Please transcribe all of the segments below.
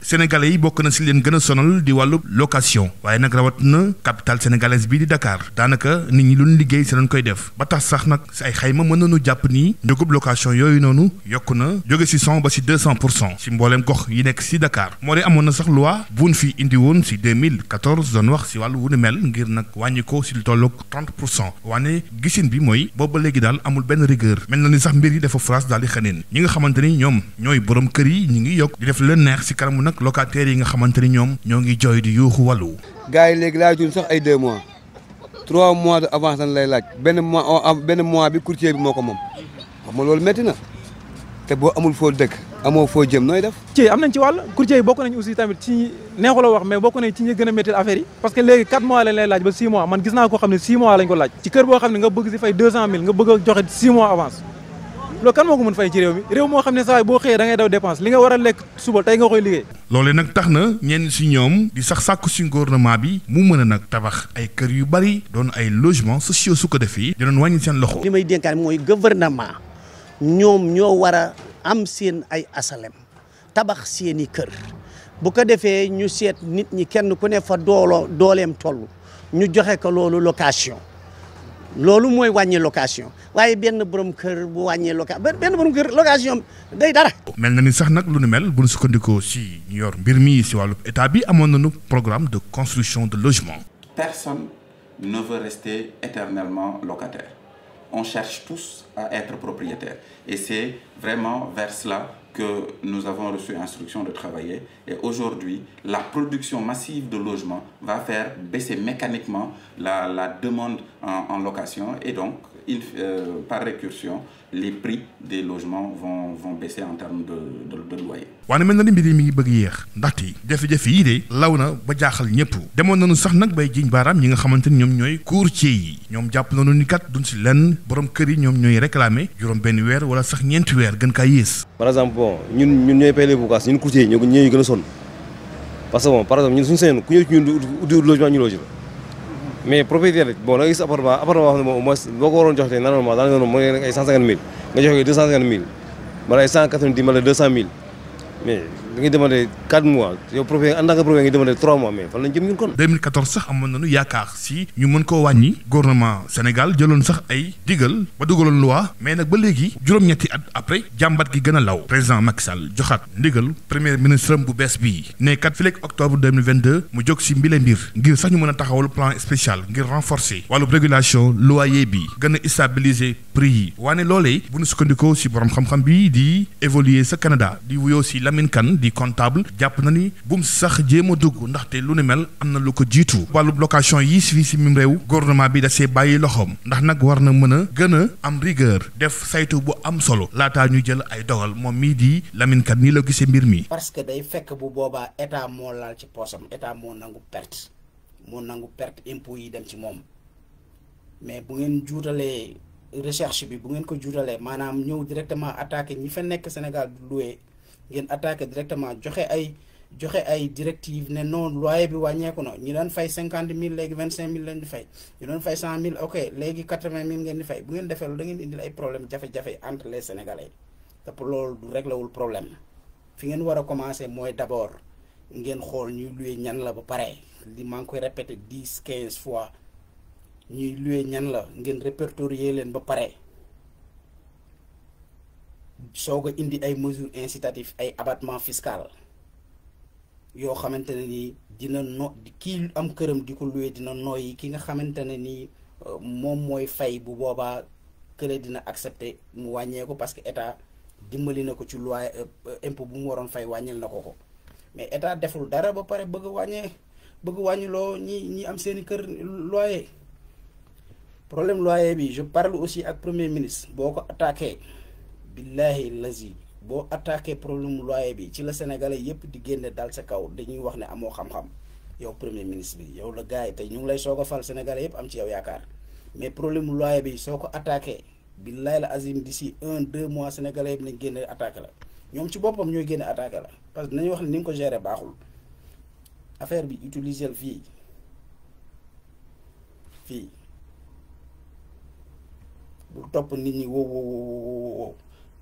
sénégalais yi bokk na si leen gën a sonal di wàllu location waaye nag rawat na capitale sénégalaise bi di Dakar daanaka nit ñi luñ liggéey si lañ koy def ba tax sax nag si ay xayma mën nañu jàpp ni njëgub location yooyu noonu yokk na jóge si 100 ba si 200 pour cent si mbooleem gox yi nekk si Dakar moo de amoon na sax loi buñ fi indi woon si 2014 doon wax si wàll wu ni mel ngir nag wàññi ko si lu tolloog 30 pour cent gisin bi mooy booba léegi daal amul benn rigueur mel na ni sax mbir yi dafa daal di xaneen nga xamante ni ñoom ñooy borom kër yi ngi yokk di def leen nag locataires yi nga xamante ni ñoom ñoo ngi jooy di yuuxu wàllu gars yi léegi laajuñ sax ay deux mois trois mois de avance lañ lay laaj benn mois oh, ah, benn bi courtier bi moo ko moom xam nga loolu métti na te boo amul foo dëkk amoo foo jëm nooy def ci am nañ ci wàll courtier bokk nañ aussi tamit ci neexula wax mais bokk nañ ci gën a métti affaire yi parce que léegi 4 mois lañ lay laaj ba 6 man gis naa koo xam ne 6 mois ko laaj ci kër boo xam a loolu kan moo ko mën fay ci réew mi réew moo xam ne saa boo xëyee da ngay daw dépense li nga war a lekk suba tey nga koy liggéey. loolee nag tax na ñenn si ñoom di sax sàkku si gouvernement bi mu mën a nag tabax ay kër yu bari doon ay logements sociaux su ko defee dinañ wàññi seen loxo. li may dénkaan mooy gouvernement ñoom ñoo war a am seen ay asalem tabax seeni kër bu ko defee ñu seet nit ñi kenn ku ne fa dooloo dooleem toll ñu joxe ko loolu location. loolu mooy wàññi location waaye benn borom kër bu wàññee location benn borom kër location day dara. mel na ni sax nag lu nu mel bu nu sukkandikoo si ñu yor mbir mi si wàllu état bi amoon nañu programme de construction de logement. personne ne veut rester éternellement locataire on cherche tous à être propriétaire et c'est vraiment vers cela. que nous avons reçu instruction de travailler. Et aujourd'hui, la production massive de logements va faire baisser mécaniquement la, la demande en, en, location et donc il, euh, par récursion, les prix des logements vont, vont baisser en termes de, de, de loyer. mel na ni mbir yi mu ngi bëgg yéex ndaxte jafe-jafe yi de law na ba jaaxal ñëpp demoon nañu sax nag bay jiñ baaraam ñi nga xamante ni ñoom ñooy courtier yi ñoom jàpp nañu ni kat du si lenn borom kër yi ñoom ñooy réclamer juróom benn weer wala sax ñeenti weer gën kaa yées. par exemple bon ñun ñun ñooy paye les boucas ñun courtier yi ñoo gën a sonn parce que bon par exemple mais propriétaire bi bon da nga gis appartement appartement boo xam ne moom au moins boo ko waroon jox tey normalement daanaka moom mooy ay 150 000 nga joxe 250 000 wala ay 190 000 wala 200 000 mais. da ngay demandé 4 mois yow professeur en tant que professeur nga demandé 3 mois mais fan lañ jëm ñun kon. sax amoon nañu yaakaar si. ñu mën koo wàññi gouvernement Sénégal jëloon sax ay digal ba dugaloon loi mais nag ba léegi juróom-ñetti at après jàmbat gi gën a law président Macky Sall joxaat ndigal premier ministre bu bees bii ne kat fileeg octobre 2022 mu jóg si mbile mbir ngir sax ñu mën a taxawal plan spécial ngir renforcer wàllub régulation loyer bi gën a stabiliser prix yi waane loolee bu ñu sukkandikoo si borom xam bi di évoluer sa Canada di wuyoo si Lamine Kane di comptable jàpp na ni bu mu sax jéem a dugg ndaxte lu ni mel am na lu ko jiitu wàllub location yi fii si mim réew gouvernement bi da see bàyyi loxoom ndax nag war na mën a gën a am rigueur def saytu bu am solo laataa ñu jël ay dogal moom mii di Lamine Kane la gisee mbir mi. parce que day fekk bu boobaa état moo laal ci poosam état moo nangu perte moo nangu perte impôt yi dem ci moom mais bu ngeen juutalee recherche bi bu ngeen ko juutalee maanaam ñëw directement ngeen attaqué directement joxe ay joxe ay directive ne non loyer bi wàññeeku na ñi daan fay cinquante mille léegi vingt cinq mille lañ di fay ñu doon fay cent mille ok léegi quatre vingt mille ngeen di fay bu ngeen defee loolu da ngeen ay problème jafe-jafe entre les sénégalais te loolu du réglewul problème fi ngeen war a commencé mooy d' abord ngeen xool ñuy luye ñan la ba pare li maa ngi koy répété dix quinze fois ñuy luye ñan la ngeen répertorier leen ba pare. soog a indi ay mesures incitatives ay abattement fiscal yoo xamante ne ni dina no kii am këram di ko luwe dina nooyi ki nga xamante ne ni euh, moom mooy fay bu boobaa kër dina accepter mu wàññeeku parce que état dimbali na ko ci loi euh, euh, impôt bu mu waroon fay wàññil na ko ko mais état deful dara ba pare bëgg wàññee bëgg wàññiloo ñi ñi am seeni kër loyer problème loyer bi je parle aussi ak premier ministre boo ko attaqué billahi lazi boo attaqué problème loyer bi ci la sénégalais yépp di génne dal sa kaw dañuy wax ne amoo xam-xam yow premier ministre bi yow la gars yi tey ñu lay soog a fal sénégalais yépp am ci yow yaakaar mais problème loyer bi soo ko attaqué billahi la azim si un deux mois sénégalais yépp nañ génne attaque la ñoom ci boppam ñooy génne attaqué la parce que nañu wax ne ni nga ko gérer baaxul affaire bi utiliser fii fii bul topp nit ñi wow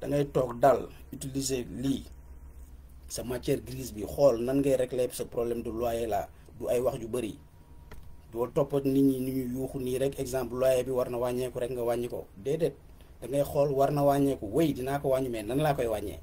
da toog dal utiliser lii sa matière grise bi xool nan ngay régler sa problème de loyer la du ay wax ju bëri doo toppat nit ñi ni ñu nii rek exemple loyer bi war na wàññeeku rek nga wàññi ko déedéet da ngay xool war na wàññeeku wéy dinaa ko wàññi mais nan laa koy wàññee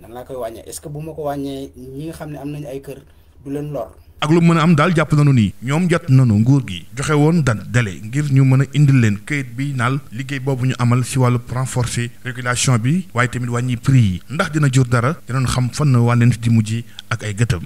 nan laa koy wàññee est-ce que bu ma ko wàññee ñi nga xam ne am nañ ay kër du leen lor ak lu mën a am daal jàpp nañu nii ñoom jot nañu nguur gi joxe woon dan délai ngir ñu mën a indil leen kayit bi naal liggéey boobu ñu amal si wàllu renforcer régulation bi waaye tamit wàññi prix yi ndax dina jur dara dinañ xam fan na wàlleent di mujj ak ay gëtëm